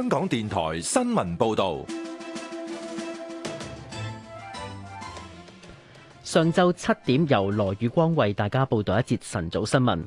香港電台新聞報道：上晝七點，由羅宇光為大家報道一節晨早新聞。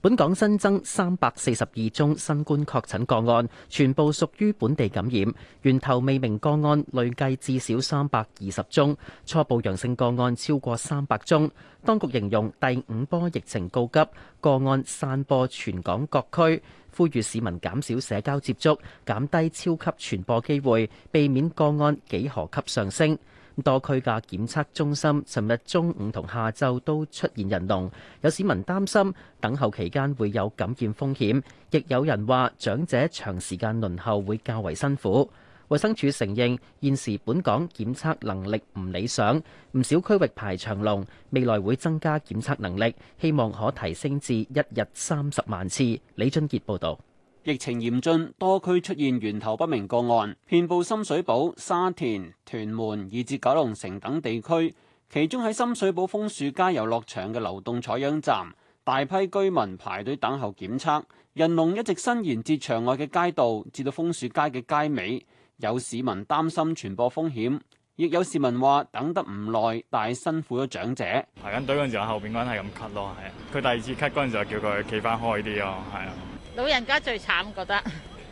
本港新增三百四十二宗新冠確診個案，全部屬於本地感染，源頭未明個案累計至少三百二十宗，初步陽性個案超過三百宗。當局形容第五波疫情告急，個案散播全港各區。呼籲市民減少社交接觸，減低超級傳播機會，避免個案幾何級上升。多區嘅檢測中心，尋日中午同下晝都出現人龍，有市民擔心等候期間會有感染風險，亦有人話長者長時間輪候會較為辛苦。衛生署承認，現時本港檢測能力唔理想，唔少區域排長龍。未來會增加檢測能力，希望可提升至一日三十萬次。李俊杰報道。疫情嚴峻，多區出現源頭不明個案，遍佈深水埗、沙田、屯門以至九龍城等地區。其中喺深水埗楓樹街遊樂場嘅流動採樣站，大批居民排隊等候檢測。人龍一直伸延至場外嘅街道，至到楓樹街嘅街尾。有市民擔心傳播風險，亦有市民話等得唔耐，但係辛苦咗長者。排緊隊嗰陣時候，後邊嗰人係咁咳咯，係啊。佢第二次咳嗰陣時候，叫佢企翻開啲咯，係啊。老人家最慘，覺得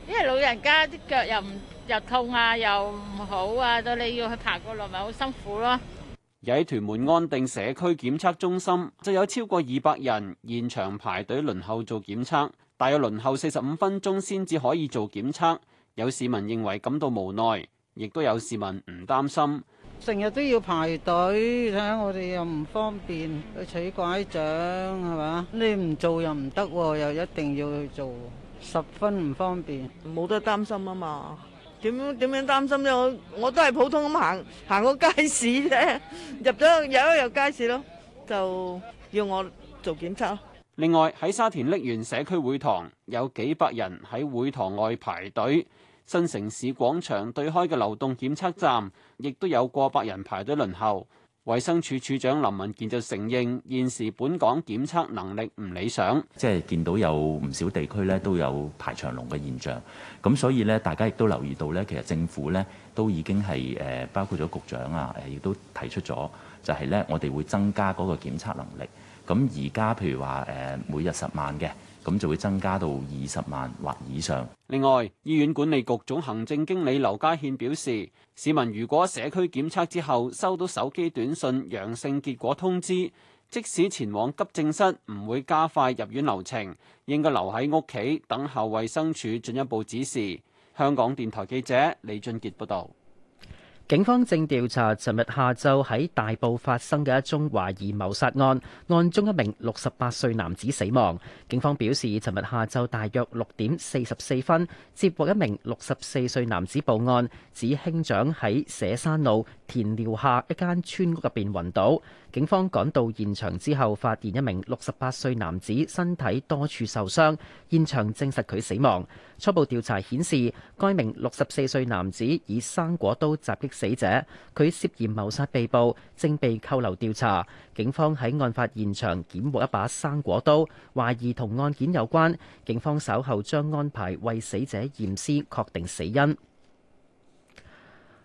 因為老人家啲腳又唔又痛啊，又唔好啊，到你要去爬過來咪好辛苦咯。有喺屯門安定社區檢測中心，就有超過二百人現場排隊輪候做檢測，大約輪候四十五分鐘先至可以做檢測。有市民認為感到無奈，亦都有市民唔擔心。成日都要排隊，睇下我哋又唔方便去取拐杖，係嘛？你唔做又唔得喎，又一定要去做，十分唔方便，冇得擔心啊嘛～點點樣擔心咧？我我都係普通咁行行個街市啫，入咗入一入街市咯，就要我做檢測。另外喺沙田瀝源社區會堂有幾百人喺會堂外排隊，新城市廣場對開嘅流動檢測站亦都有過百人排隊輪候。衛生署署長林文健就承認，現時本港檢測能力唔理想，即係見到有唔少地區咧都有排長龍嘅現象，咁所以咧大家亦都留意到咧，其實政府咧都已經係誒包括咗局長啊，亦都提出咗，就係咧我哋會增加嗰個檢測能力。咁而家譬如話誒，每日十萬嘅咁就會增加到二十萬或以上。另外，醫院管理局總行政經理劉家憲表示，市民如果社區檢測之後收到手機短信陽性結果通知，即使前往急症室，唔會加快入院流程，應該留喺屋企等候衛生署進一步指示。香港電台記者李俊杰報道。警方正調查尋日下晝喺大埔發生嘅一宗懷疑謀殺案，案中一名六十八歲男子死亡。警方表示，尋日下晝大約六點四十四分，接獲一名六十四歲男子報案，指兄長喺社山路田寮下一間村屋入邊暈倒。警方趕到現場之後，發現一名六十八歲男子身體多處受傷，現場證實佢死亡。初步調查顯示，該名六十四歲男子以生果刀襲擊死者，佢涉嫌謀殺被捕，正被扣留調查。警方喺案發現場檢獲一把生果刀，懷疑同案件有關。警方稍後將安排為死者驗屍，確定死因。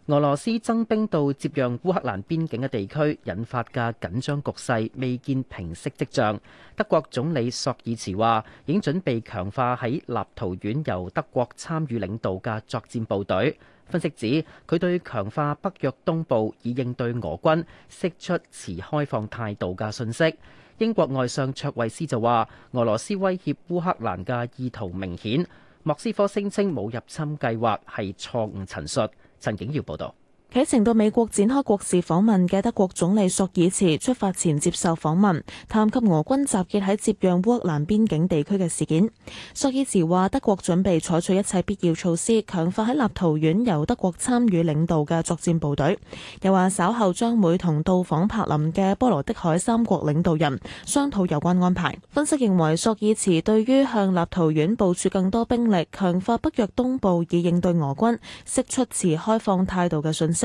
俄羅斯增兵到接壤烏克蘭邊境嘅地區，引發嘅緊張局勢未見平息跡象。德國總理索爾茨話，已經準備強化喺立陶宛由德國參與領導嘅作戰部隊。分析指佢對強化北約東部以應對俄軍，釋出持開放態度嘅訊息。英國外相卓慧斯就話，俄羅斯威脅烏克蘭嘅意圖明顯，莫斯科聲稱冇入侵計劃係錯誤陳述。陳景耀報道。起程到美國展開國事訪問嘅德國總理索爾茨出發前接受訪問，探及俄軍集結喺接壤烏克蘭邊境地區嘅事件。索爾茨話：德國準備採取一切必要措施，強化喺立陶宛由德國參與領導嘅作戰部隊。又話稍後將會同到訪柏林嘅波羅的海三國領導人商討有關安排。分析認為，索爾茨對於向立陶宛部署更多兵力、強化北約東部以應對俄軍，釋出持開放態度嘅訊息。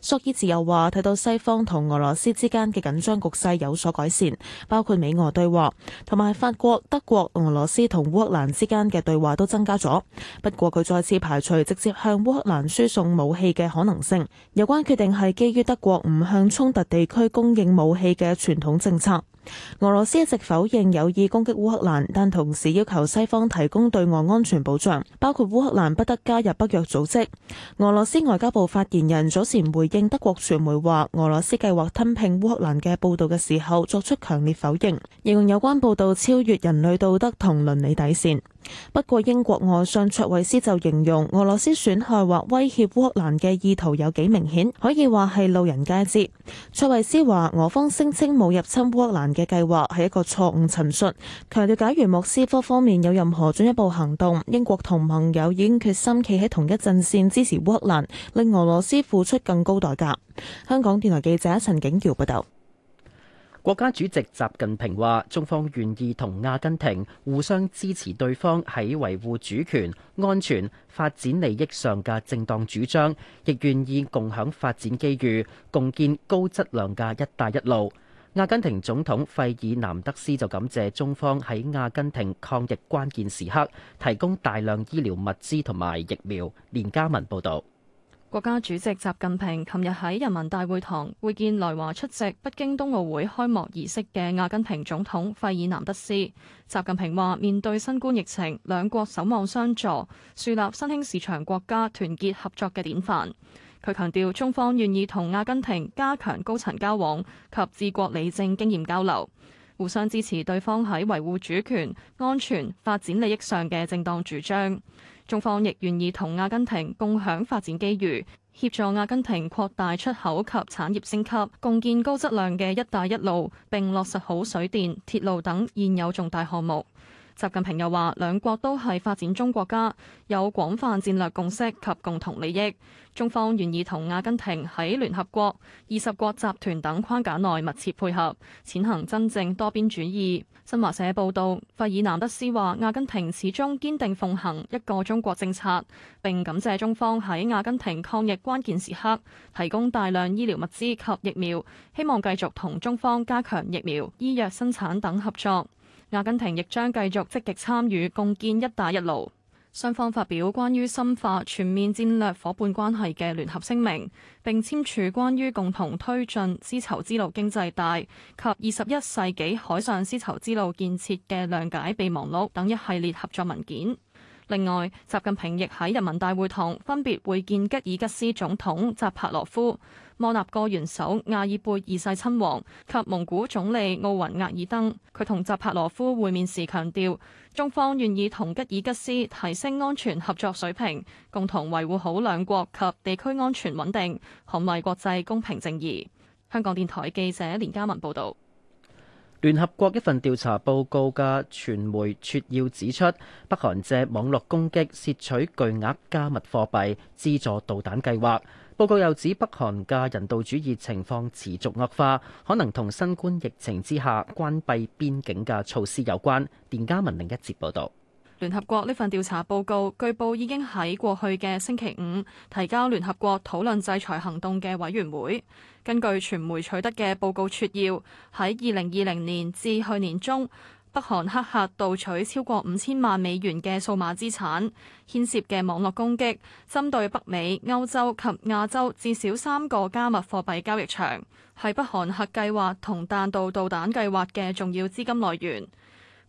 索爾茲又話，睇到西方同俄羅斯之間嘅緊張局勢有所改善，包括美俄對話，同埋法國、德國、俄羅斯同烏克蘭之間嘅對話都增加咗。不過佢再次排除直接向烏克蘭輸送武器嘅可能性，有關決定係基於德國唔向衝突地區供應武器嘅傳統政策。俄羅斯一直否認有意攻擊烏克蘭，但同時要求西方提供對外安全保障，包括烏克蘭不得加入北約組織。俄羅斯外交部發言人早時。回應德國傳媒話俄羅斯計劃吞併烏克蘭嘅報道嘅時候，作出強烈否認，形容有關報道超越人類道德同倫理底線。不過英國外相卓慧思就形容俄羅斯損害或威脅烏克蘭嘅意圖有幾明顯，可以話係路人皆知。卓慧思話俄方聲稱冇入侵烏克蘭嘅計劃係一個錯誤陳述，強調假如莫斯科方面有任何進一步行動，英國同盟友已經決心企喺同一陣線支持烏克蘭，令俄羅斯付出更高代價。香港電台記者陳景喬報道。國家主席習近平話：中方願意同阿根廷互相支持對方喺維護主權、安全、發展利益上嘅正當主張，亦願意共享發展機遇，共建高質量嘅「一帶一路」。阿根廷總統費爾南德斯就感謝中方喺阿根廷抗疫關鍵時刻提供大量醫療物資同埋疫苗。連嘉文報導。國家主席習近平琴日喺人民大會堂會見來華出席北京冬奧會開幕儀式嘅阿根廷總統費爾南德斯。習近平話：面對新冠疫情，兩國守望相助，樹立新興市場國家團結合作嘅典範。佢強調，中方願意同阿根廷加強高層交往及治國理政經驗交流，互相支持對方喺維護主權、安全、發展利益上嘅正當主張。中方亦願意同阿根廷共享發展機遇，協助阿根廷擴大出口及產業升級，共建高質量嘅「一帶一路」，並落實好水電、鐵路等現有重大項目。習近平又話，兩國都係發展中國家，有廣泛戰略共識及共同利益。中方願意同阿根廷喺聯合國、二十國集團等框架內密切配合，踐行真正多邊主義。新華社報道，費爾南德斯話：阿根廷始終堅定奉行一個中國政策，並感謝中方喺阿根廷抗疫關鍵時刻提供大量醫療物資及疫苗，希望繼續同中方加強疫苗、醫藥生產等合作。阿根廷亦將繼續積極參與共建“一帶一路”，雙方發表關於深化全面戰略夥伴關係嘅聯合聲明，並簽署關於共同推進絲綢之路經濟帶及二十一世紀海上絲綢之路建設嘅諒解備忘錄等一系列合作文件。另外，習近平亦喺人民大會堂分別會見吉爾吉斯總統扎帕羅夫、摩納哥元首亞爾貝二世親王及蒙古總理奧雲額爾登。佢同扎帕羅夫會面時強調，中方願意同吉爾吉斯提升安全合作水平，共同維護好兩國及地區安全穩定，捍衞國際公平正義。香港電台記者連嘉文報道。聯合國一份調查報告嘅傳媒撮要指出，北韓借網絡攻擊竊取巨額加密貨幣，資助導彈計劃。報告又指北韓嘅人道主義情況持續惡化，可能同新冠疫情之下關閉邊境嘅措施有關。田家文另一節報導。聯合國呢份調查報告據報已經喺過去嘅星期五提交聯合國討論制裁行動嘅委員會，根據傳媒取得嘅報告撮要，喺二零二零年至去年中，北韓黑客盜取超過五千萬美元嘅數碼資產，牽涉嘅網絡攻擊針對北美、歐洲及亞洲至少三個加密貨幣交易場，係北韓核計劃同彈道導彈計劃嘅重要資金來源。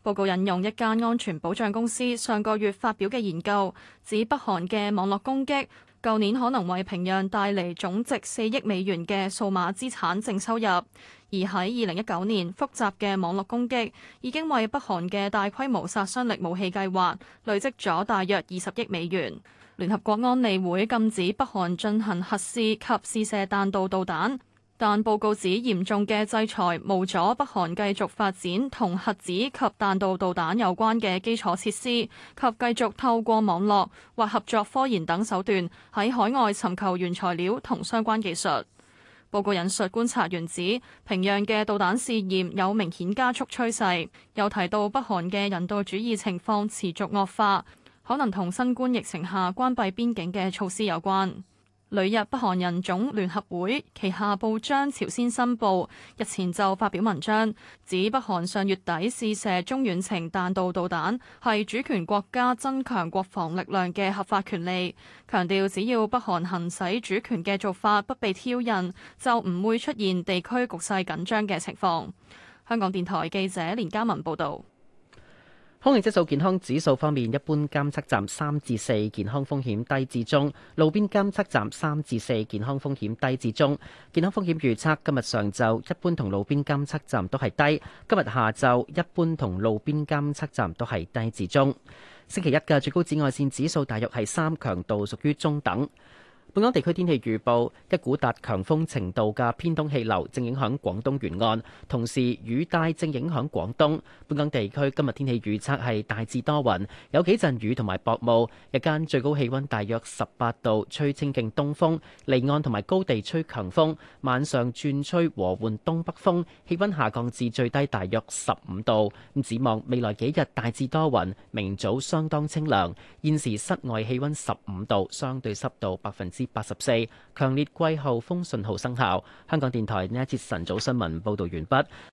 報告引用一間安全保障公司上個月發表嘅研究，指北韓嘅網絡攻擊，舊年可能為平壤帶嚟總值四億美元嘅數碼資產淨收入。而喺二零一九年，複雜嘅網絡攻擊已經為北韓嘅大規模殺傷力武器計劃累積咗大約二十億美元。聯合國安理會禁止北韓進行核試及試射彈道導彈。但報告指嚴重嘅制裁無阻北韓繼續發展同核子及彈道導彈有關嘅基礎設施，及繼續透過網絡或合作科研等手段喺海外尋求原材料同相關技術。報告引述觀察員指，平壤嘅導彈試驗有明顯加速趨勢，又提到北韓嘅人道主義情況持續惡化，可能同新冠疫情下關閉邊境嘅措施有關。旅日北韓人種聯合會旗下報章朝鮮新報日前就發表文章，指北韓上月底試射中遠程彈道導彈係主權國家增強國防力量嘅合法權利，強調只要北韓行使主權嘅做法不被挑釁，就唔會出現地區局勢緊張嘅情況。香港電台記者連嘉文報道。空氣質素健康指數方面，一般監測站三至四，健康風險低至中；路邊監測站三至四，健康風險低至中。健康風險預測今日上晝一般同路邊監測站都係低，今日下晝一般同路邊監測站都係低至中。星期一嘅最高紫外線指數大約係三，強度屬於中等。本港地區天氣預報：一股達強風程度嘅偏東氣流正影響廣東沿岸，同時雨帶正影響廣東。本港地區今日天氣預測係大致多雲，有幾陣雨同埋薄霧。日間最高氣温大約十八度，吹清勁東風，離岸同埋高地吹強風。晚上轉吹和緩東北風，氣温下降至最低大約十五度。咁展望未來幾日大致多雲，明早相當清涼。現時室外氣温十五度，相對濕度百分之。八十四，84，強烈季候風信號生效。香港電台呢一節晨早新聞報導完畢。